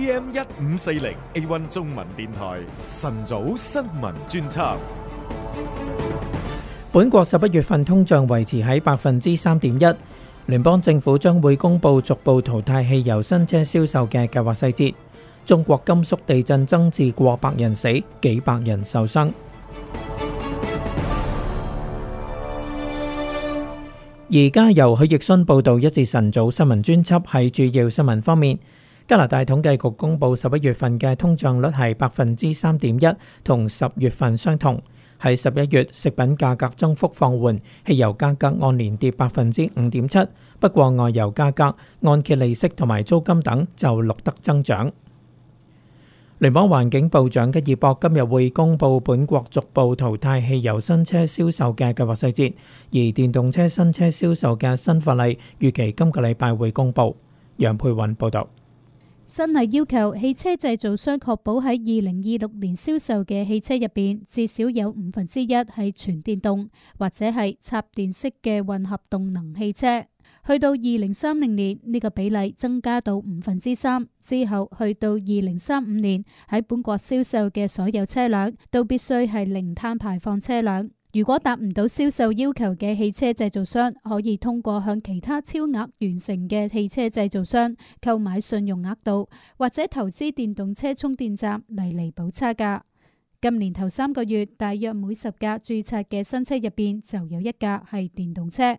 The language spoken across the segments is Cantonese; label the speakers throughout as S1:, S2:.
S1: A M 一五四零 A One 中文電台晨早新聞專輯。本國十一月份通脹維持喺百分之三點一。聯邦政府將會公布逐步淘汰汽油新車銷售嘅計劃細節。中國甘肅地震增至過百人死，幾百人受傷。而家由許奕迅報道，一至晨早新聞專輯係主要新聞方面。加拿大統計局公布十一月份嘅通脹率係百分之三點一，同十月份相同。喺十一月，食品價格增幅放緩，汽油價格按年跌百分之五點七。不過，外遊價格、按揭利息同埋租金等就錄得增長。聯邦環境部長吉爾博今日會公布本國逐步淘汰汽油新車銷售嘅計劃細節，而電動車新車銷售嘅新法例預期今個禮拜會公布。楊佩韻報導。
S2: 新係要求汽車製造商確保喺二零二六年銷售嘅汽車入邊，至少有五分之一係全電動或者係插電式嘅混合動能汽車。去到二零三零年，呢個比例增加到五分之三之後，去到二零三五年，喺本國銷售嘅所有車輛都必須係零碳排放車輛。如果達唔到銷售要求嘅汽車製造商，可以通過向其他超額完成嘅汽車製造商購買信用額度，或者投資電動車充電站嚟彌補差價。今年頭三個月，大約每十架註冊嘅新車入面就有一架係電動車。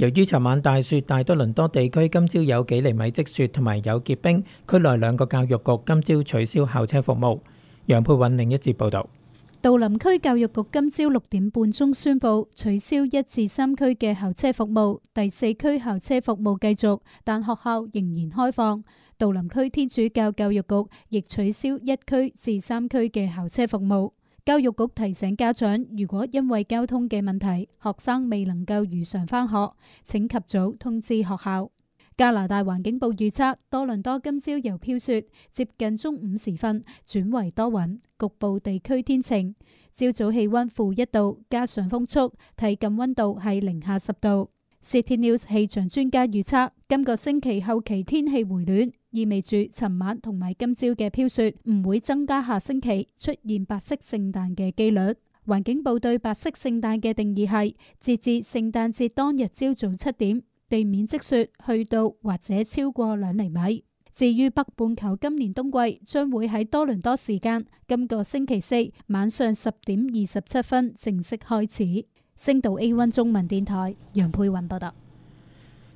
S1: 由於昨晚大雪，大多倫多地區今朝有幾厘米積雪同埋有結冰，區內兩個教育局今朝取消校車服務。楊佩韻另一節報導。
S2: 杜林區教育局今朝六點半鐘宣布取消一至三區嘅校車服務，第四區校車服務繼續，但學校仍然開放。杜林區天主教教育局亦取消一區至三區嘅校車服務。教育局提醒家長，如果因為交通嘅問題，學生未能夠如常翻學，請及早通知學校。加拿大環境部預測，多倫多今朝由飄雪，接近中午時分轉為多雲，局部地區天晴。朝早氣溫負一度，加上風速，體感溫度係零下十度。CityNews 氣象專家預測，今個星期後期天氣回暖。意味住尋晚同埋今朝嘅飄雪唔會增加下星期出現白色聖誕嘅機率。環境部對白色聖誕嘅定義係，截至聖誕節當日朝早七點地面積雪去到或者超過兩厘米。至於北半球今年冬季將會喺多倫多時間今個星期四晚上十點二十七分正式開始。星島 A1 中文電台楊佩雲報道。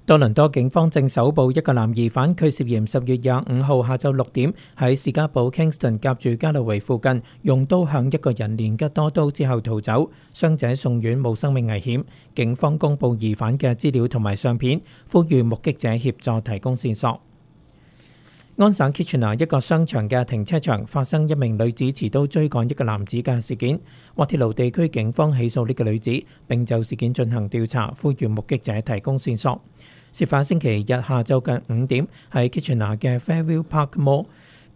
S1: 多倫多警方正搜捕一個男疑犯，佢涉嫌十月廿五號下晝六點喺士嘉堡 Kingston 夾住加勒維附近用刀向一個人連吉多刀之後逃走，傷者送院冇生命危險。警方公布疑犯嘅資料同埋相片，呼籲目擊者協助提供線索。安省 Kitchener 一個商場嘅停車場發生一名女子持刀追趕一個男子嘅事件，滑鐵盧地區警方起訴呢個女子，並就事件進行調查，呼籲目擊者提供線索。事發星期日下晝近五點喺 Kitchener 嘅 Fairview Park Mall，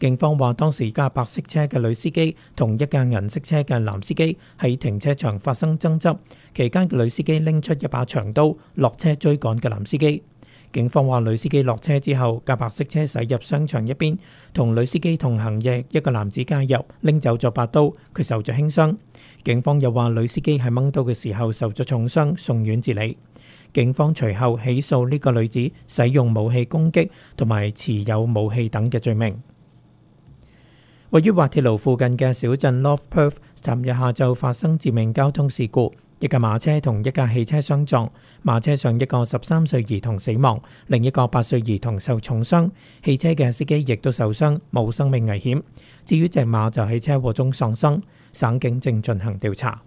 S1: 警方話當時架白色車嘅女司機同一架銀色車嘅男司機喺停車場發生爭執，期間嘅女司機拎出一把長刀落車追趕嘅男司機。警方話，女司機落車之後，架白色車駛入商場一邊，同女司機同行嘅一個男子加入，拎走咗把刀，佢受咗輕傷。警方又話，女司機喺掹刀嘅時候受咗重傷，送院治理。警方隨後起訴呢個女子使用武器攻擊同埋持有武器等嘅罪名。位於滑鐵盧附近嘅小鎮 North Perth，昨日下晝發生致命交通事故。一架馬車同一架汽車相撞，馬車上一個十三歲兒童死亡，另一個八歲兒童受重傷，汽車嘅司機亦都受傷，冇生命危險。至於隻馬就喺車禍中喪生，省警正進行調查。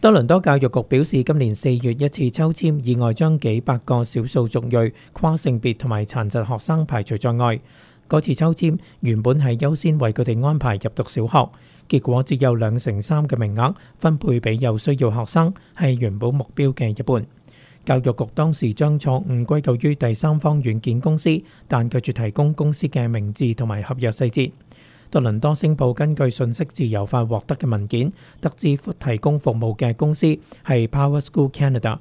S1: 多倫多教育局表示，今年四月一次抽籤意外將幾百個少數族裔、跨性別同埋殘疾學生排除在外。嗰次抽籤原本係優先為佢哋安排入讀小學，結果只有兩成三嘅名額分配俾有需要學生，係原本目標嘅一半。教育局當時將錯誤歸咎於第三方軟件公司，但拒絕提供公司嘅名字同埋合約細節。多倫多星報根據信息自由法獲得嘅文件，得知提供服務嘅公司係 PowerSchool Canada。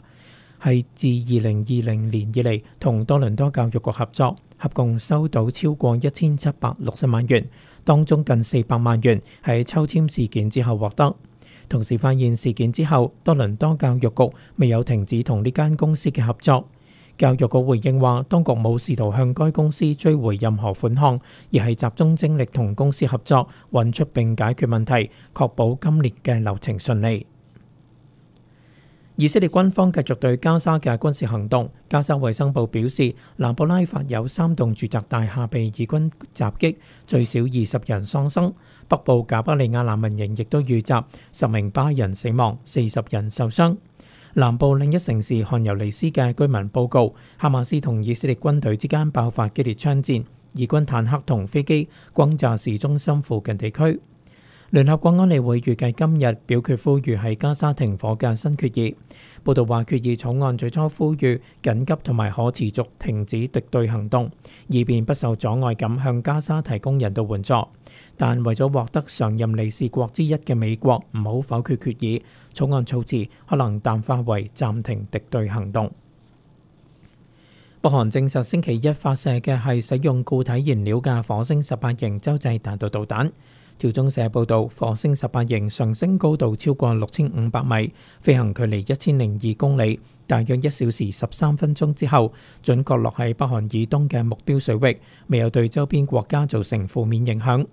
S1: 係自二零二零年以嚟，同多倫多教育局合作，合共收到超過一千七百六十萬元，當中近四百萬元喺抽籤事件之後獲得。同時發現事件之後，多倫多教育局未有停止同呢間公司嘅合作。教育局回應話，當局冇試圖向該公司追回任何款項，而係集中精力同公司合作，搵出並解決問題，確保今年嘅流程順利。以色列軍方繼續對加沙嘅軍事行動。加沙衛生部表示，南部拉法有三棟住宅大廈被以軍襲擊，最少二十人喪生。北部加巴利亞難民營亦都遇襲，十名巴人死亡，四十人受傷。南部另一城市汗尤尼斯嘅居民報告，哈馬斯同以色列軍隊之間爆發激烈槍戰，以軍坦克同飛機轟炸市中心附近地區。聯合國安理會預計今日表決，呼籲喺加沙停火嘅新決議。報道話，決議草案最初呼籲緊急同埋可持續停止敵對行動，以便不受阻礙咁向加沙提供人道援助。但為咗獲得常任理事國之一嘅美國唔好否決決議，草案措辭可能淡化為暫停敵對行動。北韓證實星期一發射嘅係使用固體燃料嘅火星十八型洲際彈道導彈。朝中社報導，火星十八型上升高度超過六千五百米，飛行距離一千零二公里，大約一小時十三分鐘之後，準確落喺北韓以東嘅目標水域，未有對周邊國家造成負面影響。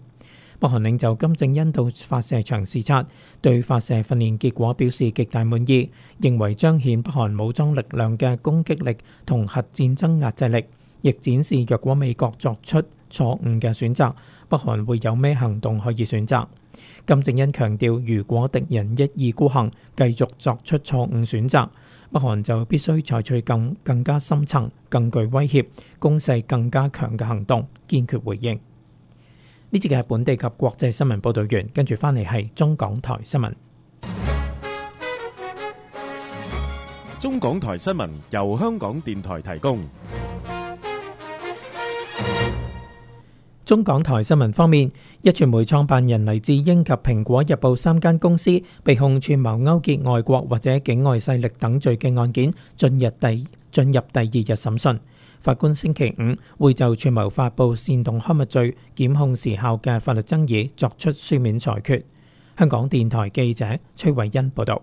S1: 北韓領袖金正恩到發射場視察，對發射訓練結果表示極大滿意，認為彰顯北韓武裝力量嘅攻擊力同核戰爭壓制力。亦展示，若果美國作出錯誤嘅選擇，北韓會有咩行動可以選擇？金正恩強調，如果敵人一意孤行，繼續作出錯誤選擇，北韓就必須採取更更加深層、更具威脅、攻勢更加強嘅行動，堅決回應。呢節嘅係本地及國際新聞報導員，跟住返嚟係中港台新聞。中港台新聞由香港電台提供。中港台新聞方面，一傳媒創辦人黎智英及《蘋果日報》三間公司，被控串謀勾結外國或者境外勢力等罪嘅案件，進入第進入第二日審訊。法官星期五會就串謀發布煽動刊物罪檢控時效嘅法律爭議作出書面裁決。香港電台記者崔慧欣報道。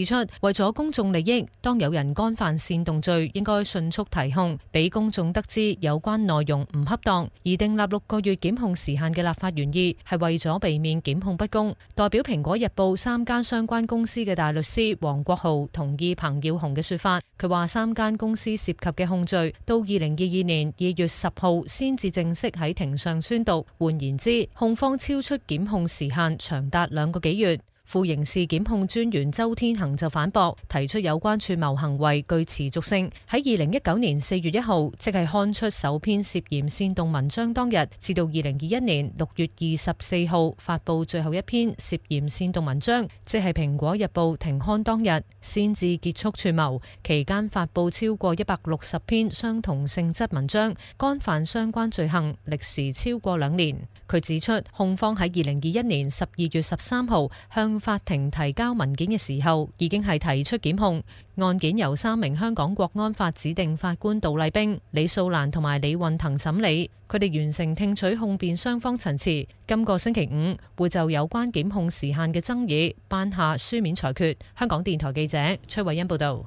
S3: 指出，為咗公眾利益，當有人干犯煽動罪，應該迅速提控，俾公眾得知有關內容唔恰當，而訂立六個月檢控時限嘅立法原意係為咗避免檢控不公。代表《蘋果日報》三間相關公司嘅大律師王國浩同意彭耀雄嘅說法。佢話三間公司涉及嘅控罪，到二零二二年二月十號先至正式喺庭上宣讀，換言之，控方超出檢控時限長達兩個幾月。副刑事檢控專員周天恒就反駁，提出有關串謀行為具持續性，喺二零一九年四月一號，即係刊出首篇涉嫌煽動文章當日，至到二零二一年六月二十四號發布最後一篇涉嫌煽動文章，文章即係《蘋果日報》停刊當日，先至結束串謀。期間發布超過一百六十篇相同性質文章，干犯相關罪行，歷時超過兩年。佢指出，控方喺二零二一年十二月十三號向法庭提交文件嘅時候，已經係提出檢控案件，由三名香港國安法指定法官杜麗冰、李素蘭同埋李運騰審理。佢哋完成聽取控辯雙方陳詞，今個星期五會就有關檢控時限嘅爭議頒下書面裁決。香港電台記者崔慧欣報道。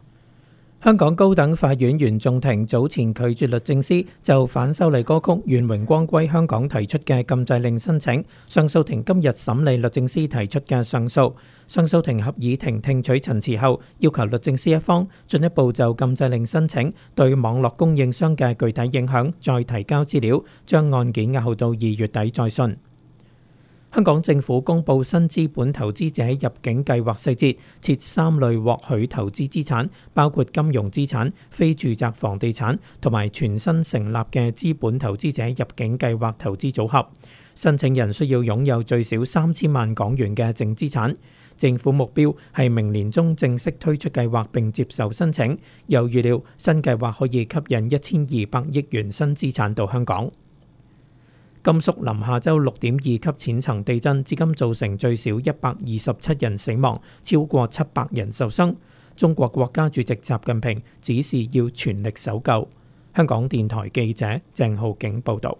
S1: 香港高等法院原訟庭早前拒絕律政司就反修例歌曲願榮光歸香港提出嘅禁制令申請，上訴庭今日審理律政司提出嘅上訴。上訴庭合議庭聽取陳詞後要求律政司一方進一步就禁制令申請對網絡供應商嘅具體影響再提交資料，將案件押後到二月底再訊。香港政府公布新資本投資者入境計劃細節，設三類獲許投資資產，包括金融資產、非住宅房地產同埋全新成立嘅資本投資者入境計劃投資組合。申請人需要擁有最少三千萬港元嘅淨資產。政府目標係明年中正式推出計劃並接受申請，又預料新計劃可以吸引一千二百億元新資產到香港。甘肅臨夏州六點二級淺層地震，至今造成最少一百二十七人死亡，超過七百人受傷。中國國家主席習近平指示要全力搜救。香港電台記者鄭浩景報道：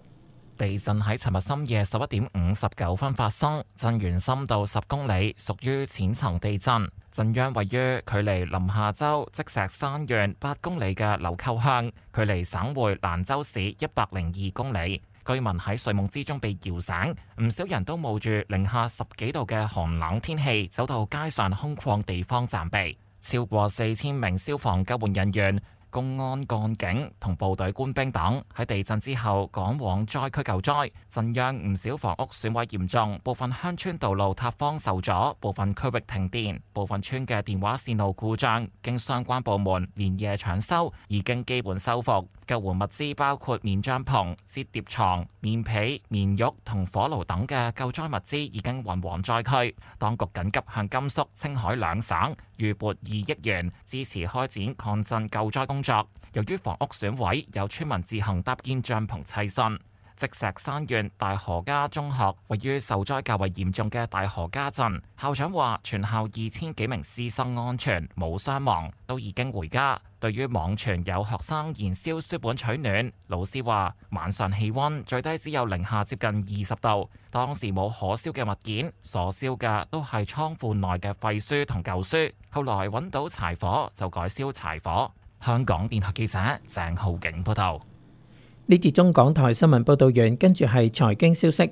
S4: 地震喺尋日深夜十一點五十九分發生，震源深度十公里，屬於淺層地震。震央位於距離臨夏州積石山縣八公里嘅柳溝鄉，距離省會蘭州市一百零二公里。居民喺睡夢之中被搖醒，唔少人都冒住零下十幾度嘅寒冷天氣走到街上空曠地方暫避。超過四千名消防救援人員、公安幹警同部隊官兵等喺地震之後趕往災區救災。震央唔少房屋損毀嚴重，部分鄉村道路塌方受阻，部分區域停電，部分村嘅電話線路故障，經相關部門連夜搶修，已經基本修復。救援物資包括棉帳篷、折疊床、棉被、棉褥同火爐等嘅救災物資已經運往災區，當局緊急向甘肅、青海兩省預撥二億元，支持開展抗震救災工作。由於房屋損毀，有村民自行搭建帳篷棲身。積石山縣大河家中學位於受災較為嚴重嘅大河家鎮，校長話全校二千幾名師生安全，冇傷亡，都已經回家。對於網傳有學生燃燒書本取暖，老師話晚上氣温最低只有零下接近二十度，當時冇可燒嘅物件，所燒嘅都係倉庫內嘅廢書同舊書。後來揾到柴火就改燒柴火。香港電台記者鄭浩景報道。
S1: 呢節中港台新聞報道完，跟住係財經消息。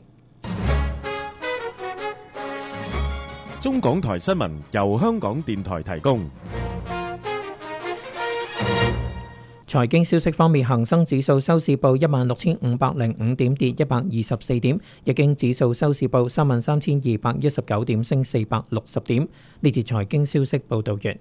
S1: 中港台新聞由香港電台提供。財經消息方面，恒生指數收市報一萬六千五百零五點，跌一百二十四點；日經指數收市報三萬三千二百一十九點，升四百六十點。呢節財經消息報道完。